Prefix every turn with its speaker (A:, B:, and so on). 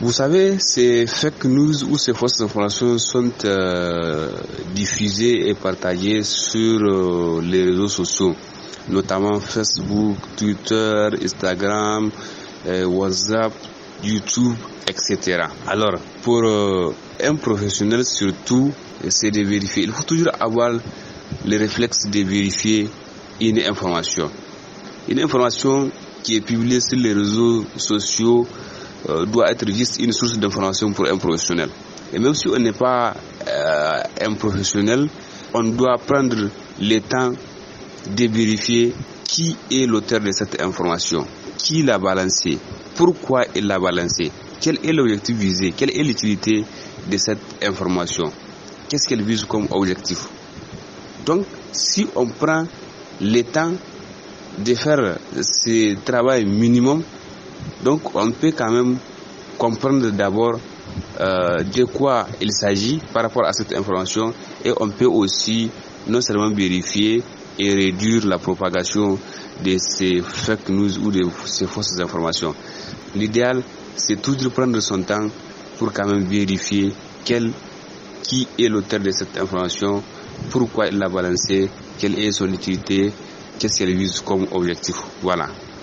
A: Vous savez, ces fake news ou ces fausses informations sont euh, diffusées et partagées sur euh, les réseaux sociaux, notamment Facebook, Twitter, Instagram, euh, WhatsApp, YouTube, etc. Alors, pour un professionnel surtout, c'est de vérifier. Il faut toujours avoir le réflexe de vérifier une information. Une information qui est publiée sur les réseaux sociaux euh, doit être juste une source d'information pour un professionnel. Et même si on n'est pas euh, un professionnel, on doit prendre le temps de vérifier qui est l'auteur de cette information, qui l'a balancée, pourquoi il l'a balancée, quel est l'objectif visé, quelle est l'utilité de cette information, qu'est-ce qu'elle vise comme objectif. Donc, si on prend le temps de faire ce travail minimum, donc on peut quand même comprendre d'abord euh, de quoi il s'agit par rapport à cette information et on peut aussi non seulement vérifier et réduire la propagation de ces fake news ou de ces fausses informations. L'idéal, c'est toujours prendre son temps pour quand même vérifier qui est l'auteur de cette information, pourquoi il l'a balancée, quelle est son utilité, qu'est-ce qu'elle vise comme objectif. Voilà.